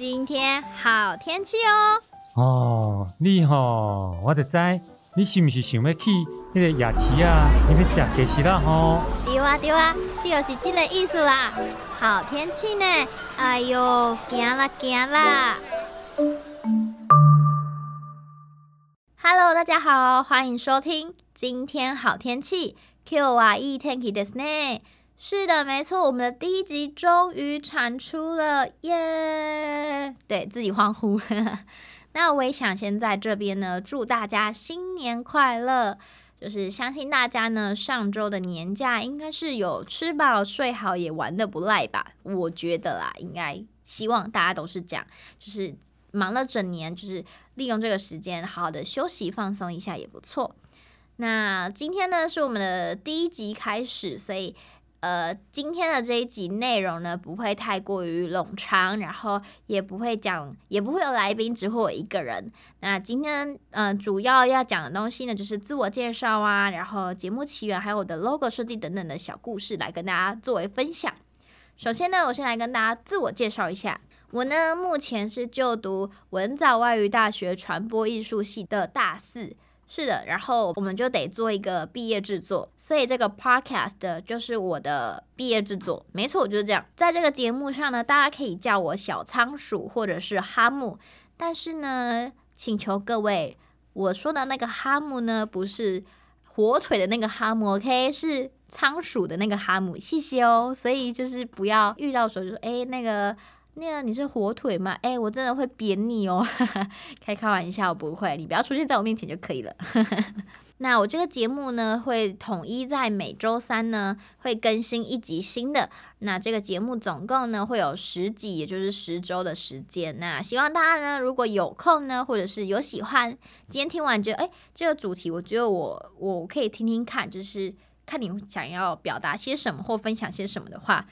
今天好天氣哦！哦，你好，哦，我就知你是不是想要去那個夜市啊？你們在吃雞啦哦，對啊，對啊，就是這個意思啦。好天氣呢，哎呦，行啦，行啦。Hello，大家好，歡迎收聽今天好天氣今日はいい天気ですね。是的，沒錯，我們的第一集終於產出了，耶、yeah!！對自己歡呼。 那我也想先在這邊呢，祝大家新年快樂。就是相信大家呢，上週的年假應該是有吃飽睡好，也玩得不賴吧？我覺得啦，應該希望大家都是這樣，就是忙了整年，就是利用這個時間好好的休息放鬆一下也不錯。那今天呢，是我們的第一集開始，所以。呃，今天的這一集內容呢，不會太過於冗長，然後也不會講，也不會有來賓，只會我一個人。那今天，嗯、呃，主要要講的東西呢，就是自我介紹啊，然後節目起源，還有我的 logo 設計等等的小故事，來跟大家作為分享。首先呢，我先來跟大家自我介紹一下，我呢目前是就讀文藻外語大學傳播藝術系的大四。是的，然後我們就得做一個畢業制作，所以這個 podcast 就是我的畢業制作，沒錯，就是這樣。在這個節目上呢，大家可以叫我小倉鼠或者是哈姆，但是呢，請求各位，我說的那個哈姆呢，不是火腿的那個哈姆，OK？是倉鼠的那個哈姆，謝謝哦。所以就是不要遇到時候就說，哎，那個。那你是火腿嗎？誒、欸，我真的會扁你哦！ 開開玩笑，我不會，你不要出現在我面前就可以了。 那我這個節目呢，會統一在每周三呢，會更新一集新的。那這個節目總共呢，會有十集，也就是十周的時間。那希望大家呢，如果有空呢，或者是有喜歡，今天聽完覺得哎、欸，這個主題我覺得我我可以聽聽看，就是看你想要表達些什麼或分享些什麼的話。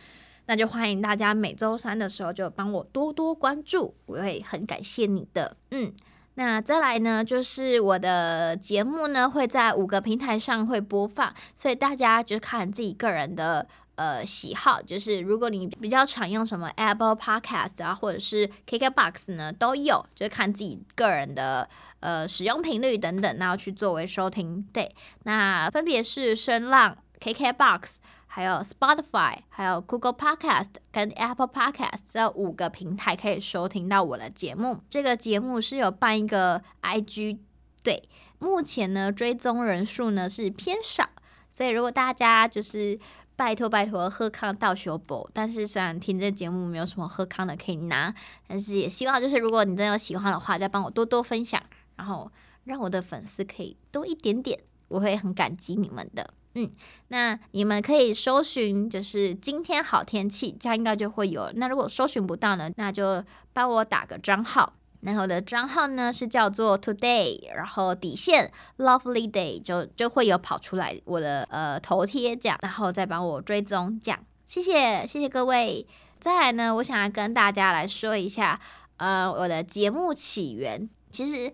那就歡迎大家每周三的時候就幫我多多關注，我會很感謝你的。嗯，那再來呢，就是我的節目呢會在五個平台上會播放，所以大家就看自己個人的呃喜好，就是如果你比較常用什麼 Apple Podcast 啊，或者是 KKBOX 呢，都有，就看自己個人的呃使用頻率等等，然後去作為收聽。對，那分別是聲浪、KKBOX。還有 Spotify，還有 Google Podcast，跟 Apple Podcast 這五個平台可以收聽到我的節目。這個節目是有辦一個 IG，對，目前呢追蹤人數呢是偏少，所以如果大家就是拜托拜托好康道相報，但是雖然聽這節目沒有什麼好康的可以拿，但是也希望就是如果你真的有喜歡的話，再幫我多多分享，然後讓我的粉絲可以多一點點，我會很感激你們的。嗯，那你們可以搜尋，就是今天好天氣，這樣應該就會有。那如果搜尋不到呢，那就幫我打個賬號。然後我的賬號呢是叫做 today，然後底線 lovely day 就就會有跑出來我的呃頭貼這樣，然後再幫我追蹤這樣。謝謝謝謝各位。再來呢，我想要跟大家來說一下，呃，我的節目起源，其實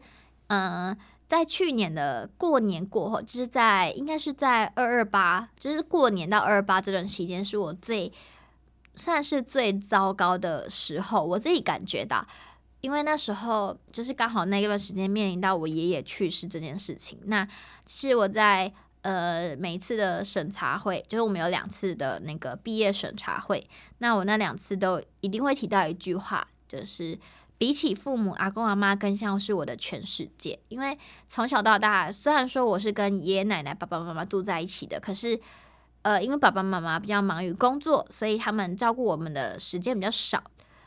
嗯。呃在去年的過年過後，就是在應該是在二二八，就是過年到二二八這段期間，是我最算是最糟糕的時候。我自己感覺到，因為那時候就是剛好那一段時間面臨到我爺爺去世這件事情。那是我在呃每一次的審查會，就是我們有兩次的那個畢業審查會，那我那兩次都一定會提到一句話，就是。比起父母，阿公阿媽更像是我的全世界。因為從小到大，雖然說我是跟爺爺奶奶、爸爸媽媽住在一起的，可是，呃，因為爸爸媽媽比較忙於工作，所以他們照顧我們的時間比較少。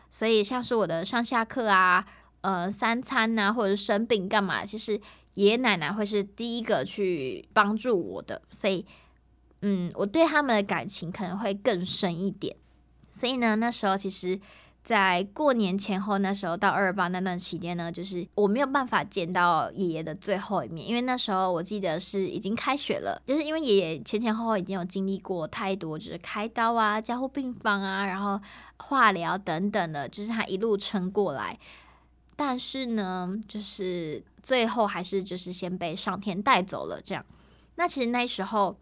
所以像是我的上下課啊、呃、三餐吶、啊，或者是生病幹嘛，其實爺爺奶奶會是第一個去幫助我的。所以，嗯，我對他們的感情可能會更深一點。所以呢，那時候其實。在過年前後，那時候到二八那段期間呢，就是我沒有辦法見到爺爺的最後一面，因為那時候我記得是已經開學了，就是因為爺爺前前後後已經有經歷過太多，就是開刀啊、加護病房啊，然後化療等等的，就是他一路撐過來，但是呢，就是最後還是就是先被上天帶走了這樣。那其實那時候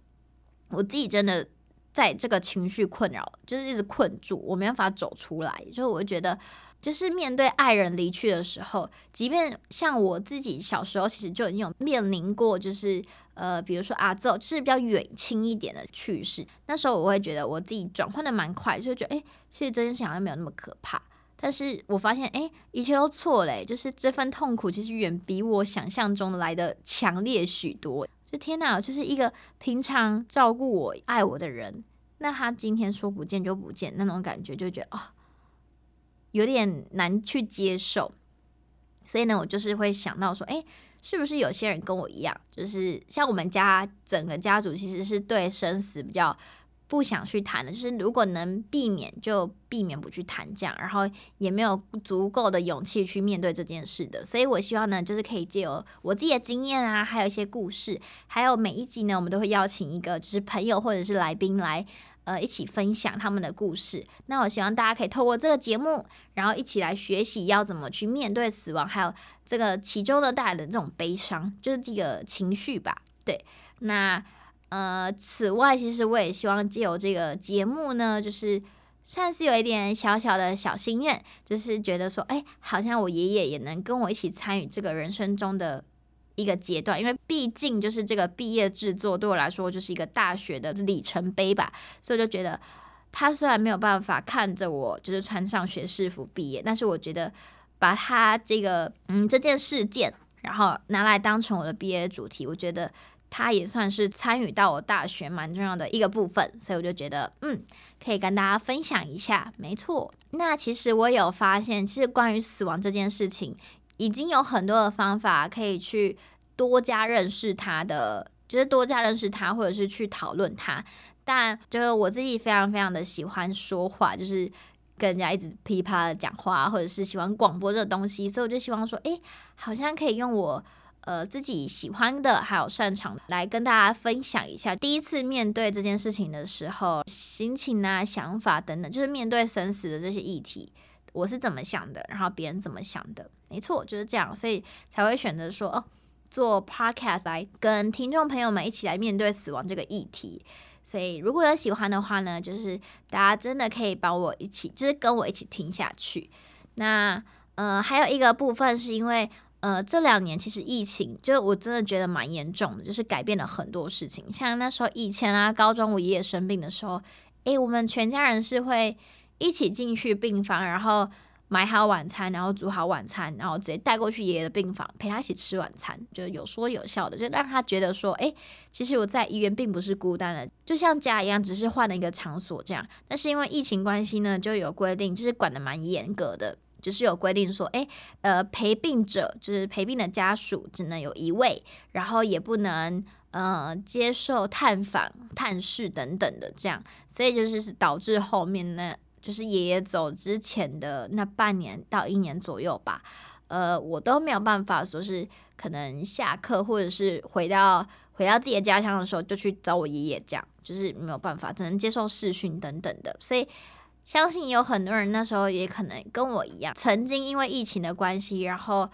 我自己真的。在這個情緒困擾，就是一直困住，我沒辦法走出來。就是我就覺得，就是面對愛人離去的時候，即便像我自己小時候，其實就已經有面臨過，就是呃，比如說阿祖，是比較遠親一點的去世。那時候我會覺得，我自己轉換得蠻快，就會覺得哎、欸，其實這件事沒有那麼可怕。但是我發現，哎、欸，一切都錯了、欸，就是這份痛苦其實遠比我想象中的來的強烈許多。天吶，就是一個平常照顧我、愛我的人，那他今天說不見就不見，那種感覺就覺得啊、哦，有點難去接受。所以呢，我就是會想到說，哎，是不是有些人跟我一樣，就是像我們家整個家族，其實是對生死比較。不想去談的，就是如果能避免就避免不去談這樣，然後也沒有足夠的勇氣去面對這件事的，所以我希望呢，就是可以借由我自己的經驗啊，還有一些故事，還有每一集呢，我們都會邀請一個就是朋友或者是來賓來呃一起分享他們的故事。那我希望大家可以透過這個節目，然後一起來學習要怎麼去面對死亡，還有這個其中的帶來的這種悲傷，就是這個情緒吧。對，那。呃，此外，其實我也希望借由這個節目呢，就是算是有一點小小的小心願，就是覺得說，哎，好像我爺爺也能跟我一起參與這個人生中的一個階段，因為畢竟就是這個畢業製作對我來說就是一個大學的里程碑吧，所以就覺得他雖然沒有辦法看着我就是穿上學士服畢業，但是我覺得把他這個嗯這件事件，然後拿來當成我的畢業主題，我覺得。他也算是參與到我大學蠻重要的一個部分，所以我就覺得，嗯，可以跟大家分享一下。沒錯，那其實我有發現，其實關於死亡這件事情，已經有很多的方法可以去多加認識他的，就是多加認識他，或者是去討論他。但就是我自己非常非常的喜歡說話，就是跟人家一直噼啪的講話，或者是喜歡廣播這個東西，所以我就希望說，哎，好像可以用我。呃，自己喜歡的，還有擅長的，來跟大家分享一下。第一次面對這件事情的時候，心情啊、想法等等，就是面對生死的這些議題，我是怎麼想的，然後別人怎麼想的，沒錯，就是這樣，所以才會選擇說哦，做 podcast 來跟聽眾朋友們一起來面對死亡這個議題。所以如果有喜歡的話呢，就是大家真的可以幫我一起，就是跟我一起聽下去。那，嗯、呃，還有一個部分是因為。呃，這兩年其實疫情，就我真的覺得蠻嚴重的，就是改變了很多事情。像那時候以前啊，高中我爺爺生病的時候，誒、欸，我們全家人是會一起進去病房，然後買好晚餐，然後煮好晚餐，然後直接帶過去爺爺的病房，陪他一起吃晚餐，就有說有笑的，就讓他覺得說，誒、欸，其實我在醫院並不是孤單的，就像家一樣，只是換了一個場所這樣。但是因為疫情關係呢，就有規定，就是管得蠻嚴格的。就是有規定說，哎、欸，呃，陪病者，就是陪病的家屬只能有一位，然後也不能呃接受探訪、探視等等的這樣，所以就是導致後面呢，就是爺爺走之前的那半年到一年左右吧，呃，我都沒有辦法說是可能下課或者是回到回到自己的家鄉的時候就去找我爺爺這樣，就是沒有辦法，只能接受視訊等等的，所以。相信有很多人那時候也可能跟我一樣，曾經因為疫情的關係，然後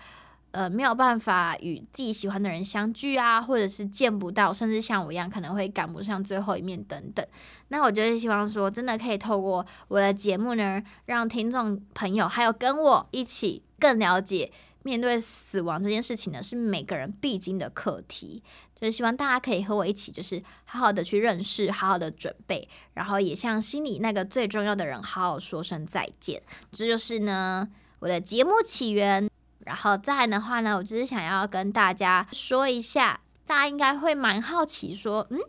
呃沒有辦法與自己喜歡的人相聚啊，或者是見不到，甚至像我一樣可能會趕不上最後一面等等。那我就是希望說，真的可以透過我的節目呢，讓聽眾朋友還有跟我一起更了解面對死亡這件事情呢，是每個人必經的課題。就是希望大家可以和我一起，就是好好的去認識，好好的準備，然後也向心裡那個最重要的人好好說聲再見。這就是呢我的節目起源。然後再來的話呢，我就是想要跟大家說一下，大家應該會蠻好奇說，說嗯，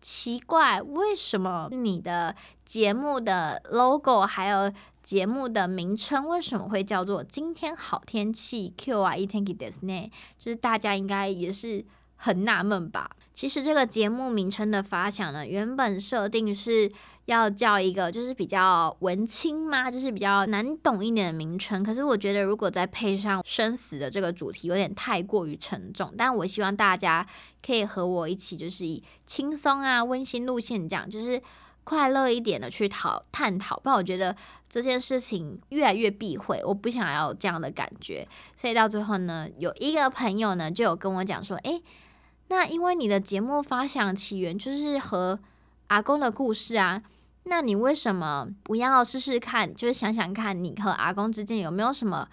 奇怪，為什麼你的節目的 logo 還有節目的名稱為什麼會叫做今天好天氣？今日はいい天気ですね，就是大家應該也是。很納悶吧？其實這個節目名稱的發想呢，原本設定是要叫一個就是比較文青嘛，就是比較難懂一點的名稱。可是我覺得如果再配上生死的這個主題，有點太過於沉重。但我希望大家可以和我一起，就是以輕鬆啊、溫馨路線這樣，就是快樂一點的去討探討。不然我覺得這件事情越來越避諱，我不想要這樣的感覺。所以到最後呢，有一個朋友呢就有跟我講說，誒、欸……那因為你的節目發想起源就是和阿公的故事啊，那你為什麼不要試試看，就是想想看你和阿公之間有沒有什麼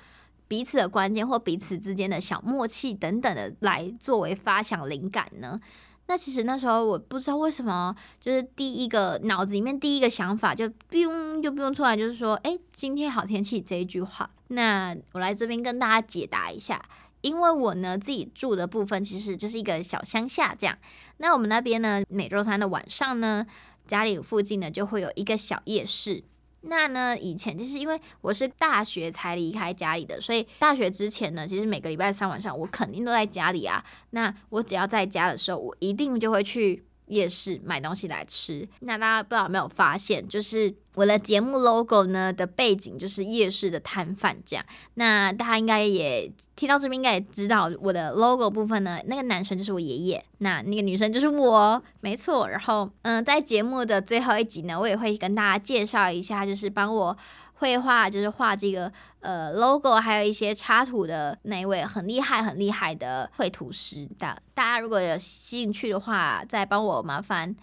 彼此的關鍵或彼此之間的小默契等等的來作為發想靈感呢？那其實那時候我不知道為什麼，就是第一個腦子裡面第一個想法就不用、就不用出來，就是說誒，今天好天氣這一句話。那我來這邊跟大家解答一下。因為我呢自己住的部分其實就是一個小鄉下這樣，那我們那邊呢每週三的晚上呢家裡附近呢就會有一個小夜市，那呢以前就是因為我是大學才離開家裡的，所以大學之前呢其實每個禮拜三晚上我肯定都在家裡啊，那我只要在家的時候，我一定就會去。夜市買東西來吃，那大家不知道有沒有發現，就是我的節目 logo 呢的背景就是夜市的攤販這樣。那大家應該也聽到這邊應該也知道我的 logo 部分呢，那個男生就是我爺爺，那那個女生就是我，沒錯。然後嗯，在節目的最後一集呢，我也會跟大家介紹一下，就是幫我。繪畫就是畫這個呃 logo，還有一些插圖的那一位很厲害、很厲害的繪圖師。大家大家如果有興趣的話，再幫我麻煩，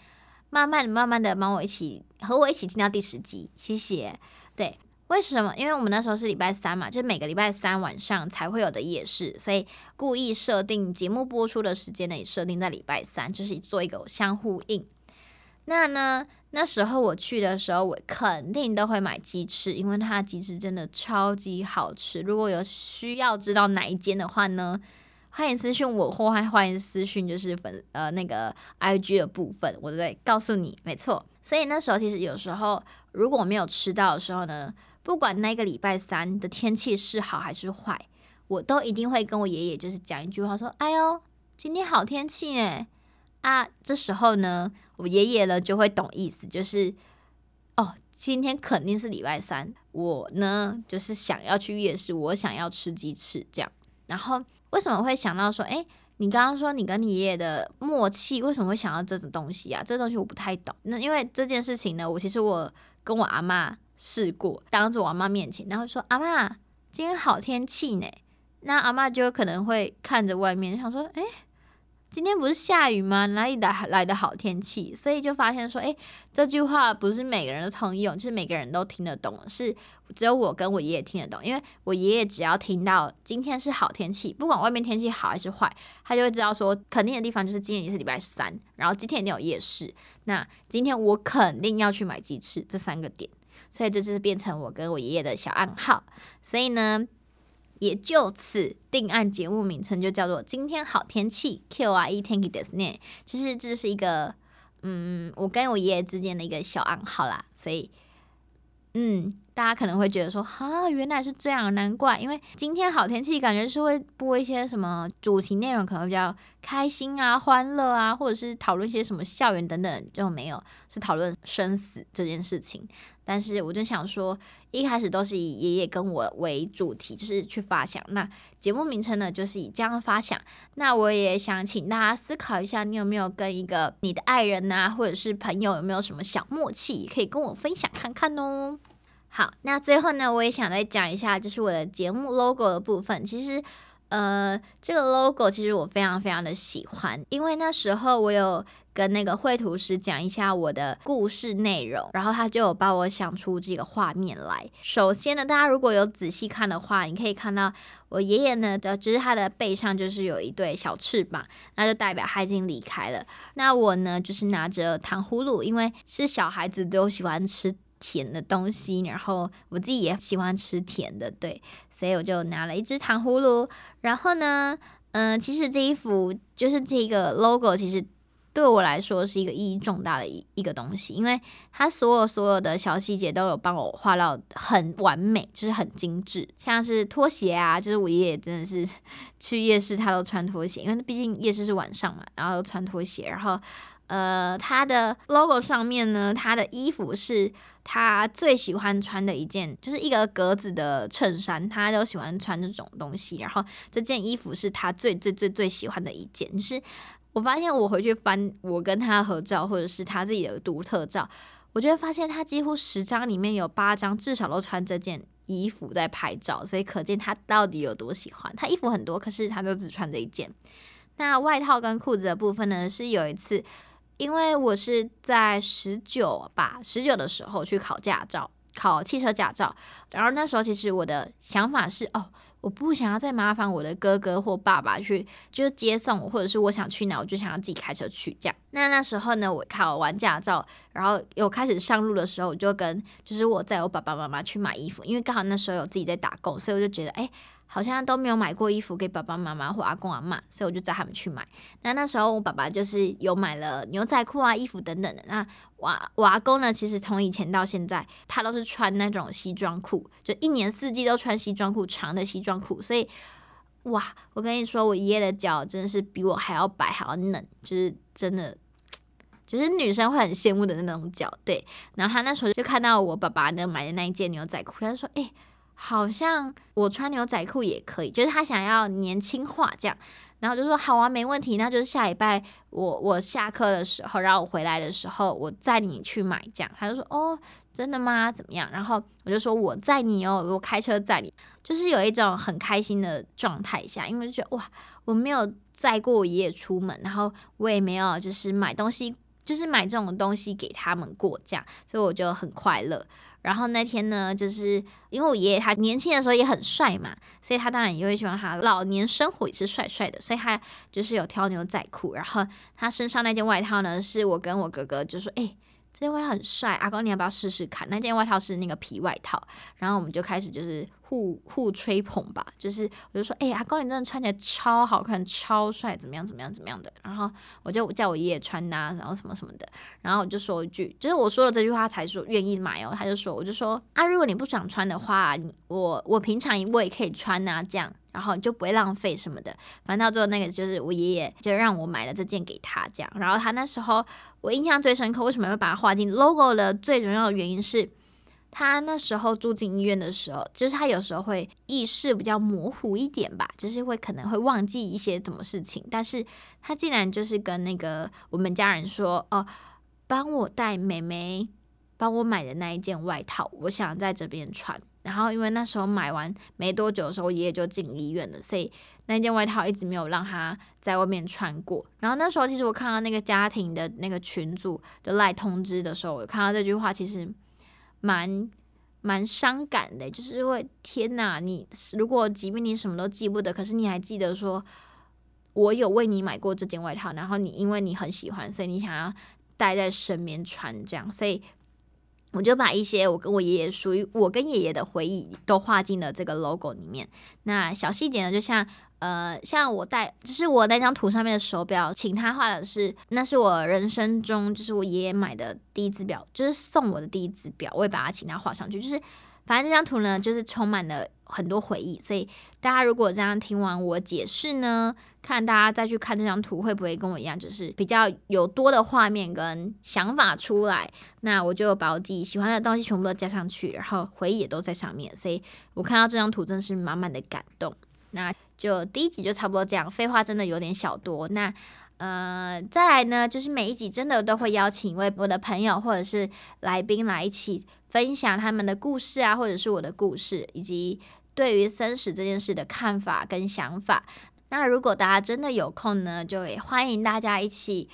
慢慢的、慢慢的幫我一起和我一起聽到第十集，謝謝。對，為什麼？因為我們那時候是禮拜三嘛，就是每個禮拜三晚上才會有的夜市，所以故意設定節目播出的時間呢，也設定在禮拜三，就是做一個相呼應。那呢？那時候我去的時候，我肯定都會買雞翅，因為它的雞翅真的超級好吃。如果有需要知道哪一間的話呢，歡迎私訊我，或歡迎私訊就是粉呃那個 I G 的部分，我在告訴你。沒錯，所以那時候其實有時候如果我沒有吃到的時候呢，不管那個禮拜三的天氣是好還是壞，我都一定會跟我爺爺就是講一句話說：“哎呦，今天好天氣耶啊！”這時候呢。我爺爺呢就會懂意思，就是哦，今天肯定是禮拜三，我呢就是想要去夜市，我想要吃雞翅這樣。然後為什麼會想到說，誒，你剛剛說你跟你爺爺的默契，為什麼會想到這種東西啊？這東西我不太懂。那因為這件事情呢，我其實我跟我阿媽試過，當着我阿媽面前，然後說阿媽，今天好天氣呢，那阿媽就可能會看着外面，想說，誒。今天不是下雨嗎？哪裡的來的好天氣？所以就發現說，誒、欸，這句話不是每個人都通用，就是每個人都聽得懂，是只有我跟我爺爺聽得懂。因為我爺爺只要聽到今天是好天氣，不管外面天氣好還是壞，他就會知道說，肯定的地方就是今天也是禮拜三，然後今天有夜市，那今天我肯定要去買雞翅這三個點。所以這就是變成我跟我爺爺的小暗號。所以呢，也就此定案，節目名稱就叫做《今天好天氣》，今日はいい天気ですね。其實這是一個嗯，我跟我爺爺之間的一個小暗號啦，所以嗯。大家可能會覺得說，哈、啊，原來是這樣，難怪，因為今天好天氣，感覺是會播一些什麼主題內容，可能比較開心啊、歡樂啊，或者是討論一些什麼校園等等，就沒有是討論生死這件事情。但是我就想說，一開始都是以爺爺跟我為主題，就是去發想。那節目名稱呢，就是以這樣發想。那我也想請大家思考一下，你有沒有跟一個你的愛人啊，或者是朋友，有沒有什麼小默契，可以跟我分享看看哦。好，那最後呢，我也想再講一下，就是我的節目 logo 的部分。其實，呃，這個 logo 其實我非常非常的喜歡，因為那時候我有跟那個繪圖師講一下我的故事內容，然後他就有幫我想出這個畫面來。首先呢，大家如果有仔細看的話，你可以看到我爺爺呢，就是他的背上就是有一對小翅膀，那就代表他已經離開了。那我呢，就是拿着糖葫蘆，因為是小孩子都喜歡吃。甜的東西，然後我自己也喜歡吃甜的，對，所以我就拿了一支糖葫蘆。然後呢，嗯，其實這一幅就是這個 logo，其實對我來說是一個意義重大的一一個東西，因為它所有所有的小細節都有幫我畫到很完美，就是很精緻，像是拖鞋啊，就是我爺爺真的是去夜市，他都穿拖鞋，因為畢竟夜市是晚上嘛，然後都穿拖鞋，然後。呃，他的 logo 上面呢，他的衣服是他最喜歡穿的一件，就是一個格子的襯衫，他都喜歡穿這種東西。然後這件衣服是他最最最最喜歡的一件，就是我發現我回去翻我跟他合照，或者是他自己的獨特照，我就會發現他幾乎十張裡面有八張至少都穿這件衣服在拍照，所以可見他到底有多喜歡。他衣服很多，可是他都只穿這一件。那外套跟褲子的部分呢，是有一次。因為我是在十九吧，十九的時候去考駕照，考汽車駕照。然後那時候其實我的想法是，哦，我不想要再麻煩我的哥哥或爸爸去，就是接送我，或者是我想去哪，我就想要自己開車去這樣。那那時候呢，我考完駕照，然後有開始上路的時候，我就跟就是我在我爸爸媽媽去買衣服，因為剛好那時候有自己在打工，所以我就覺得，哎。好像都沒有買過衣服給爸爸媽媽或阿公阿嬤，所以我就帶他們去買。那那時候我爸爸就是有買了牛仔褲啊、衣服等等的。那我，我阿公呢，其實從以前到現在，他都是穿那種西裝褲，就一年四季都穿西裝褲，長的西裝褲。所以哇，我跟你說，我爺爺的腳真的是比我還要白，還要嫩，就是真的，就是女生會很羨慕的那種腳。對。然後他那時候就看到我爸爸呢買的那一件牛仔褲，他就說：“哎、欸。”好像我穿牛仔褲也可以，就是他想要年輕化這樣，然後就說好啊，沒問題，那就是下禮拜我我下課的時候，然後我回來的時候，我載你去買這樣。他就說哦，真的嗎？怎麼樣？然後我就說我載你哦，我開車載你，就是有一種很開心的狀態下，因為就覺得哇，我沒有載過爺爺出門，然後我也沒有就是買東西。就是買這種東西給他們過，這樣，所以我就很快樂。然後那天呢，就是因為我爺爺他年輕的時候也很帥嘛，所以他當然也會喜歡他老年生活也是帥帥的。所以他就是有挑牛仔褲，然後他身上那件外套呢，是我跟我哥哥就說：“哎、欸，這件外套很帥，阿公你要不要試試看？”那件外套是那個皮外套，然後我們就開始就是。互互吹捧吧，就是我就說，哎、欸、呀，阿公你真的穿起來超好看、超帥，怎麼樣、怎麼樣、怎麼樣的。然後我就叫我爺爺穿吶、啊，然後什麼什麼的。然後我就說一句，就是我說了這句話才說願意買哦。他就說，我就說啊，如果你不想穿的話，我我平常我也可以穿吶、啊，這樣，然後就不會浪費什麼的。反正到最後那個就是我爺爺就讓我買了這件給他，這樣。然後他那時候我印象最深刻，為什麼會把它畫進 logo 的最重要的原因是。他那時候住進醫院的時候，就是他有時候會意識比較模糊一點吧，就是會可能會忘記一些什麼事情。但是，他竟然就是跟那個我們家人說：“哦，幫我帶妹妹，幫我買的那一件外套，我想在這邊穿。”然後，因為那時候買完沒多久的時候，爺爺就進醫院了，所以那件外套一直沒有讓他在外面穿過。然後那時候，其實我看到那個家庭的那個群組的賴通知的時候，我看到這句話，其實。蠻蠻傷感的，就是會天吶，你如果即便你什麼都記不得，可是你還記得說，我有為你買過這件外套，然後你因為你很喜歡，所以你想要帶在身邊穿這樣，所以我就把一些我跟我爺爺屬於我跟爺爺的回憶都畫進了這個 logo 裡面。那小細節呢，就像。呃，像我戴，就是我那張圖上面的手錶，請他畫的是，那是我人生中，就是我爺爺買的第一支錶，就是送我的第一支錶，我也把它請他畫上去。就是，反正這張圖呢，就是充滿了很多回憶。所以大家如果這樣聽完我解釋呢，看大家再去看這張圖，會不會跟我一樣，就是比較有多的畫面跟想法出來？那我就把我自己喜歡的東西全部都加上去，然後回憶也都在上面。所以我看到這張圖，真的是滿滿的感動。那。就第一集就差不多這樣，廢話真的有點小多。那呃，再來呢，就是每一集真的都會邀請一位我的朋友或者是來賓來一起分享他們的故事啊，或者是我的故事，以及對於生死這件事的看法跟想法。那如果大家真的有空呢，就也歡迎大家一起。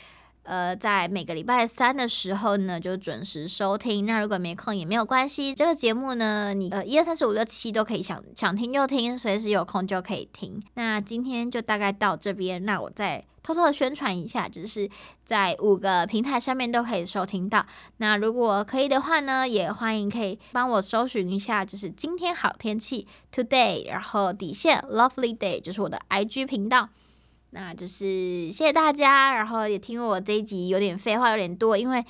呃，在每個禮拜三的時候呢，就準時收聽。那如果沒空也沒有關係，這個節目呢，你呃，一二三四五六七都可以想想聽就聽，隨時有空就可以聽。那今天就大概到這邊，那我再偷偷的宣傳一下，就是在五個平台上面都可以收聽到。那如果可以的話呢，也歡迎可以幫我搜尋一下，就是今天好天氣 today，然後底線 lovely day，就是我的 IG 頻道。那就是謝謝大家，然後也聽我這一集有點廢話有點多，因為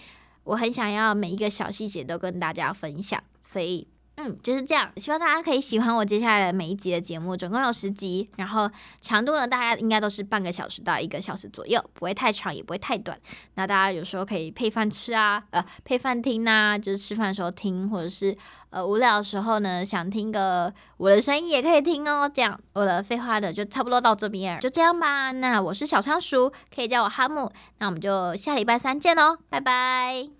我很想要每一個小細節都跟大家分享，所以。嗯，就是這樣。希望大家可以喜歡我接下來的每一集的節目，總共有十集。然後長度呢，大家應該都是半個小時到一個小時左右，不會太長，也不會太短。那大家有時候可以配飯吃啊，呃，配飯聽吶、啊，就是吃飯的時候聽，或者是呃無聊的時候呢，想聽個我的聲音也可以聽哦。這樣我的廢話的就差不多到這邊兒，就這樣吧。那我是小倉鼠，可以叫我哈木。那我們就下禮拜三見嘍，拜拜。